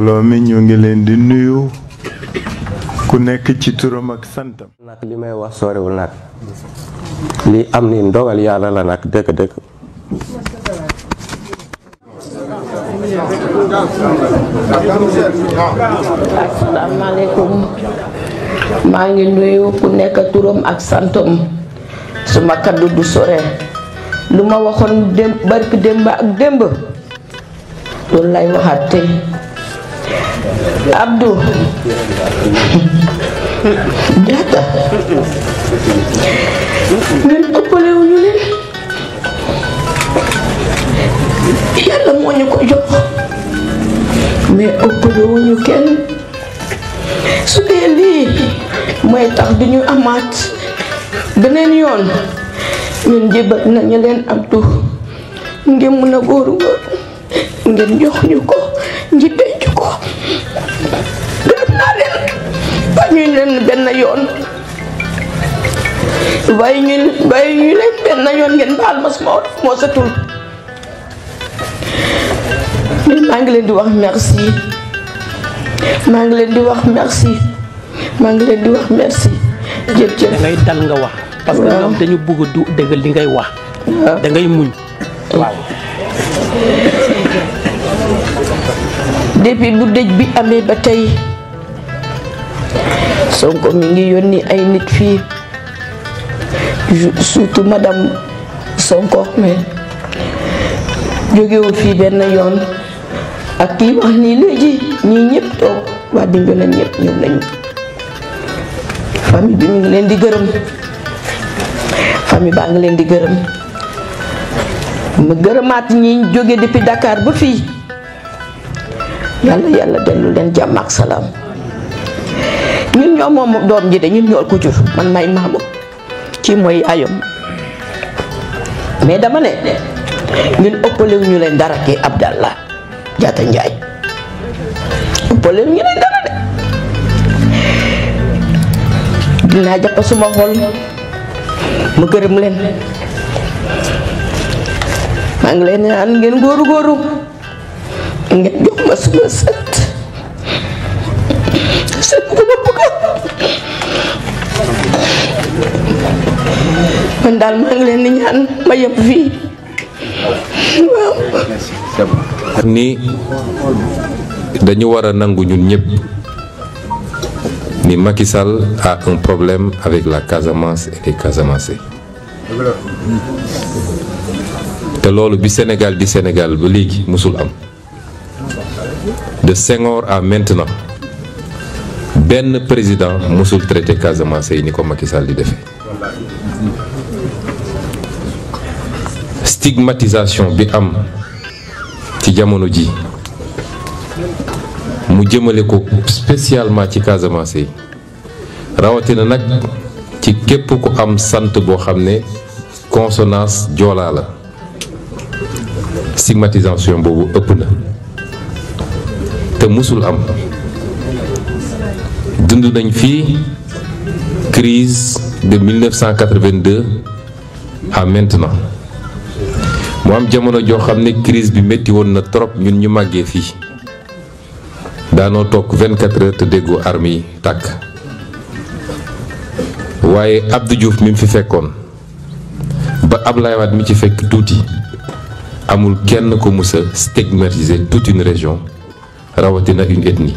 mbooloo mi ñu ngi leen di nuyu ku nekk ci turam ak santam. nag li may wax sorewul nag li am ni ndogal yàlla la nag dëgg-dëgg. asalaamaaleykum maa ngi nuyu ku nekk turam ak santam suma kaddu du sore Luma ma dem démb barki démb ak démb loolu lay waxaat Abdou Diatta ñun ëppale wuñu leen yàlla moo ñu ko jox mais ëppale wuñu kenn su dee lii mooy tax du ñu amaat yoon ñun jébal nañu ngeen ngeen jox ñu leen benn yoon waaye ñu leen benn yoon ngeen baal ma suma moo setul maa ngi leen di wax merci maa ngi leen di wax merci maa ngi leen di wax merci jërëjëf da ngay dal nga wax parce que ñoom dañu bëgg du dëgg li ngay wax dangay ngay muñ waaw bu dëj bi amee ba tey sonko mi ngi yoni ay nit fii surtout madame sonko mais jógewul fii benn bernayon, ak kii wax ah, nii léegi ñii ñëpp toog waa dimbi nañ ñëpp ñëw nañu famille bi mi ngi leen di gërëm famille baa ngi leen di gërëm ma gërëmaat ñi depuis Dakar ba ak ñun ñoo moom doom ji de ñun ñoo ko jur man may maamu ci mooy ayom mais dama ne ñun ëppalewu ñu leen dara ki abdallah jaata njaay ëppalewu ñu leen dara de dinaa jàpp suma xol ma gërëm leen maa ngi leen naan ngeen ngeen jox ma suma man daal maa ngi leen di ñaan ma yëpp fii waaw ni dañu war nangu ñun ñëpp ni Macky Sall a un problème avec la Casamance et les Casamancais te loolu bi Sénégal di Sénégal ba léegi musul am de Senghor à maintenant ben président musul traité Casamance yi ni ko Macky Sall di defee stigmatisation bi am ci jamono ji mu jëmele ko spécialement ci Casamance yi na nak ci képp ko am sant boo xamné consonance djola la stigmatisation bobu ëpp na té musul am dund crise de 1982 à maintenant mu am jamono joo xam crise bi métti woon na trop ñun ñu 24 heures te déggoo arme yi tàkk Abdou Diouf mi fi fekkone ba Ablaye Wade mi ci fekk touti amul kenn ko musse stigmatiser toute une région rawatina une ethnie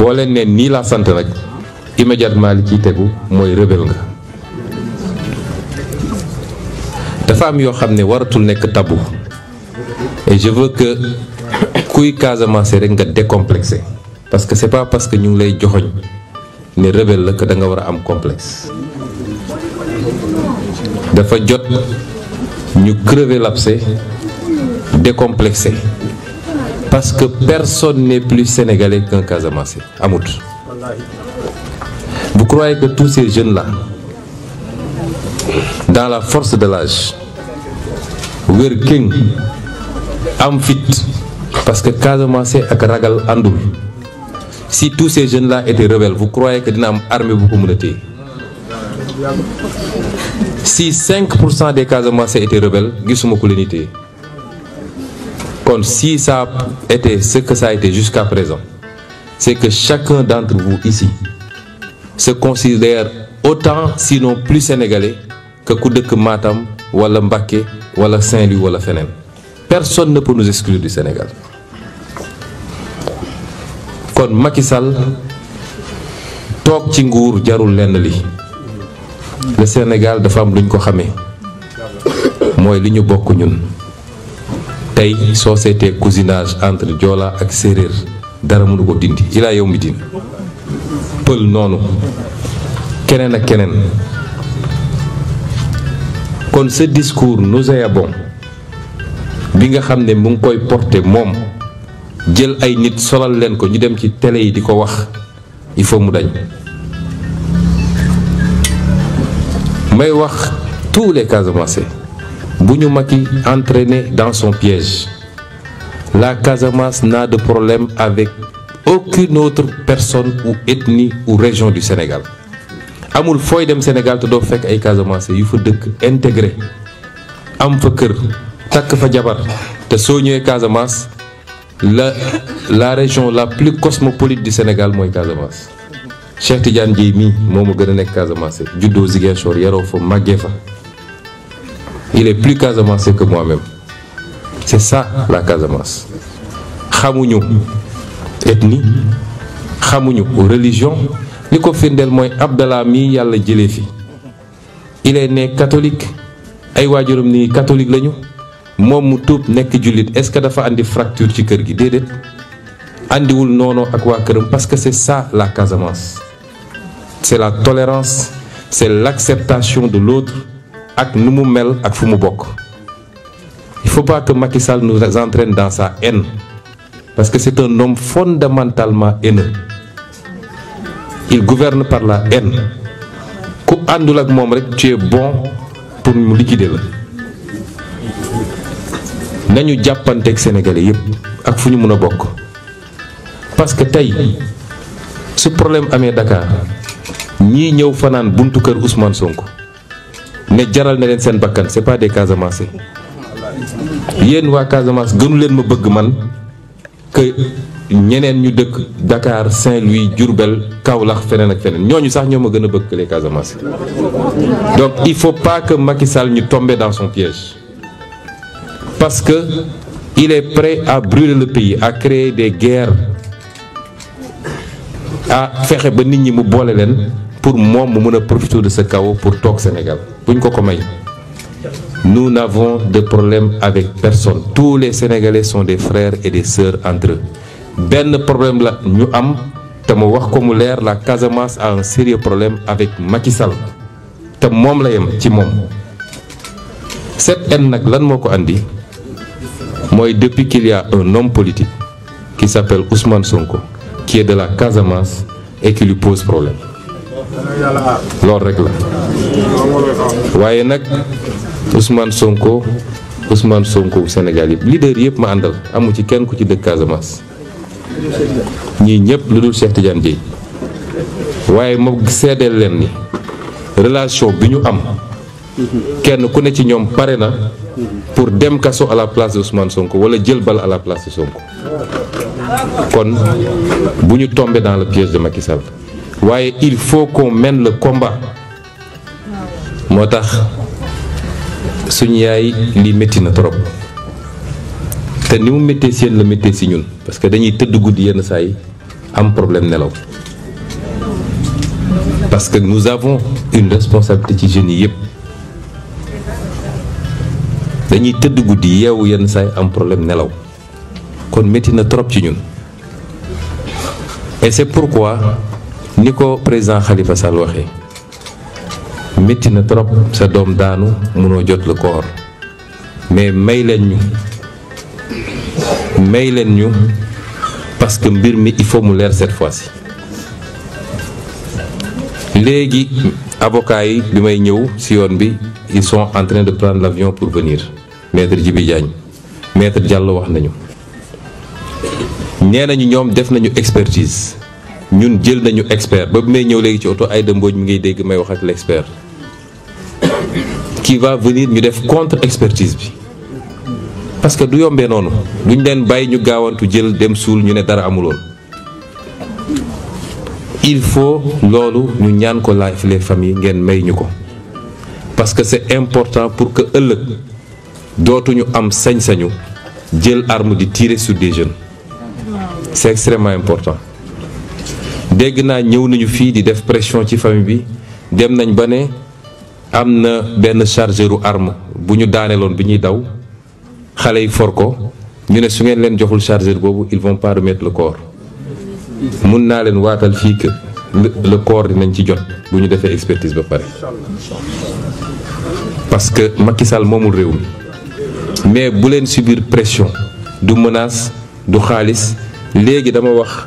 Si ne nii laa rek immédiatement li ciy tegu mooy rebelle nga dafa am yoo xam waratul tabou et je veux que kuy Casamance rek décomplexé parce que c'est pas parce que ñu ngi lay ne que da nga war a am complexe dafa jot ñu crever décomplexé parce que personne n'est plus sénégalais qu'un kazamassé. Amout. Vous croyez que tous ces jeunes-là, dans la force de l'âge, working, amfit, parce que Kazamassé et Ragal Andou, si tous ces jeunes-là étaient rebelles, vous croyez que nous avons armé beaucoup communauté Si 5% des kazamassés étaient rebelles, nous sommes Kon, si ça a été ce que ça a été jusqu'à présent, c'est que chacun d'entre vous ici se considère autant, sinon plus sénégalais, que Koudek Matam, Wala Mbake, Wala Saint-Louis, Wala Fénel. Personne ne peut nous exclure du Sénégal. Kon, Macky Sall, Tok jarul Djarul li. Le Sénégal de femmes, l'une ko xamé. Moi, l'une bokk ñun. Les société cousinage entre diola ak Serir dara mënu ko dindi ilaa yow mi ak ce discours nous est bon bi nga xamné ne mu mon porter mom jël ay nit solal len ko ñu dem ci télé yi diko wax il faut mu dañ may tous les Casamançais Bougnou Maki entraîné dans son piège. La Casamance n'a de problème avec aucune autre personne ou ethnie ou région du Sénégal. amul dem Sénégal te doo fekk ay Casamance yu fa dëkk intégré am fa kër te Casamance la la région la plus cosmopolite du Sénégal est Casamance. Cheikh Tidiane Dièye moi moo ma Casamance. Casamance juddoo Ziguinchor plus il est plus casamancé que moi-même. C'est ça la Casamance. xamuñu ethnie xamuñu religion Le ko de moi, Abdallah mii yàlla il est né catholique ay est né catholique lañu moom mu tuub nekk jullit est-ce que dafa andi fracture ci la gi des andiwul non non, à quoi parce que c'est ça la Casamance c'est la tolérance c'est l'acceptation de l'autre ak ne mel il faut pas que Macky Sall nous entraîne dans sa haine parce que c'est un homme fondamentalement haineux il gouverne par la haine ku àndul ak mom rek tu es bon pour nous liquider la nañu ak sénégalais yépp ak fu ñu parce que tay ce problème amé Dakar ñi ñew fanaan buntu kër Ousmane Sonko ne jaral na leen seen bakkan c'est pas des Casamance yéen wa Casamance gënu len ma bëgg man que ñeneen ñu dëkk Dakar Saint-Louis djourbel Kaolack fenen ak fenen ñooñu sax ñoo ma gën bëgg les Casamance donc il faut pas que Macky Sall ñu tombe dans son piège parce que il est prêt à brûler le pays à créer des guerres à faire ba nit ñi mu bolé len pour mom mu mën de ce chaos pour tok Sénégal nous n'avons de problème avec personne tous les sénégalais sont des frères et des sœurs entre eux Le problème la ñu am la Casamance a un sérieux problème avec Macky Sall te la cette haine nak lan depuis qu'il y a un homme politique qui s'appelle Ousmane Sonko qui est de la Casamance et qui lui pose problème loolu rek la waaye nag Ousmane Sonko Ousmane Sonko Sénégal yëpp leader yëpp ma àndal amu ci kenn ku ci dëkk Casamance ñii ñëpp lu dul Cheikh Tidiane Dièye waaye ma seedeel leen ni relation bi ñu am kenn ku ne ci ñoom pare na pour dem kaso à la place de Ousmane Sonko wala jël bal à la place de Sonko kon bu ñu tombé dans le piège de Macky Sall il faut qu'on mène le combat motax suñ yaay li trop te ni mu si le ñun parce que dañuy teud guddi yenn a am problème parce que nous avons une responsabilité ci jeune yépp dañuy teud yew am problème nelaw kon metti trop et c'est pourquoi ni président Khalifa Sall Mais metti na trop sa Dom daanu jot le corps mais may nous, parce que mbir mi il faut mu cette fois-ci Les avocats yi bi ils sont en train de prendre l'avion pour venir maître Djibi maître Diallo wax nañu une expertise nous sommes nañu expert ba may ñëw sommes ci mi qui va venir contre expertise parce que nous sommes noonu duñ leen bàyyi ñu gaawantu jël dem suul ñu ne dara il faut que nous ñaan ko les familles may ñu ko parce que c'est important pour que ëllëg dootuñu am sañ-sañu jël arme di tirer sur des jeunes C'est extrêmement important dégg naa ñëw nañu fii di def pression ci famille bi dem nañ ba ne am na benn chargeru arme bu ñu daaneeloon bi ñuy daw xale yi for ko ñu ne su ngeen leen joxul chargeur boobu ils vont pas remettre le corps mun naa leen waatal fii que le corps dinañ ci jot bu ñu defee expertise ba pare parce que Macky Sall moomul réew mi mais bu leen subir pression du menace du xaalis léegi dama wax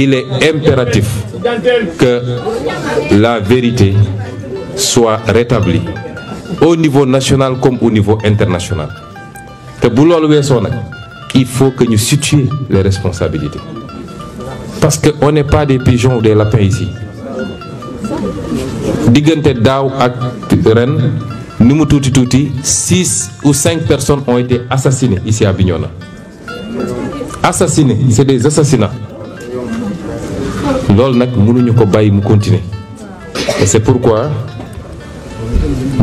il est impératif que la vérité soit rétablie au niveau national comme au niveau international il faut que nous situions les responsabilités parce que on n'est pas des pigeons ou des lapins ici ak six ou cinq personnes ont été assassinées ici à Bignona assassinées c'est des assassinats loolu nag mënuñu ko bàyyi mu continuer et c'est pourquoi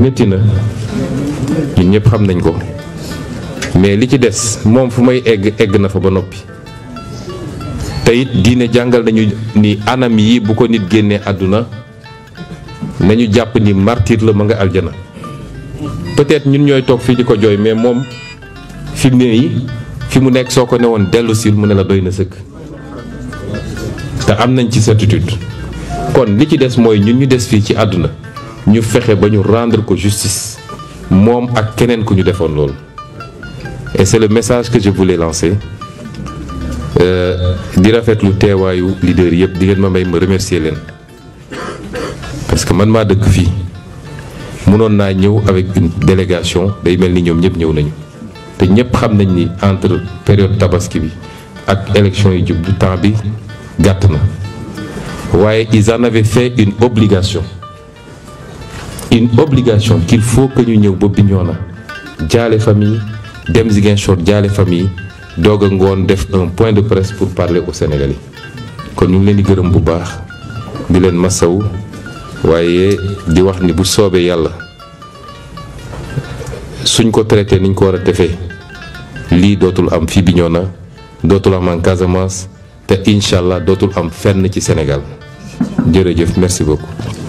métti na ñun ñëpp xam nañ ko mais li ci des moom fu may egg egg na fa ba noppi te it diine jàngal nañu ni anam yi bu ko nit génnee àdduna nañu jàpp ni martyr la ma nga aljana peut-être ñun ñooy toog fii di ko jooy mais moom fi mu ne nii fi mu nekk soo ko ne woon dellu sil mu ne la doy na sëkk te am nañ ci certitude kon li ci dess moy ñun ñu dess fi ci aduna ñu fexé ba ñu rendre ko justice mom ak kenen ku ñu defoon lool et c'est le message que je voulais lancer euh di rafetlu téwayu leader yépp di ngeen ma may ma remercier leen parce que man ma dëkk fi mënon na ñëw avec une délégation day melni ñom ñëpp ñëw nañu té ñëpp xam nañ ni entre période tabaski bi ak élection yi jub du temps bi gàtt na ils en avaient fait une obligation une obligation qu'il faut que ñu ñëw ba Bignona jaale famille dem Ziguinchor jaale famille doog a def un point de presse pour parler aux Sénégalais Que ñu ngi leen di gërëm bu baax di leen masaw waaye di wax ni bu soobee yàlla suñ ko traité niñ ko war a defee lii am am en Casamance te incha allah dootul am fenn ci Sénégal jërëjëf merci beaucoup.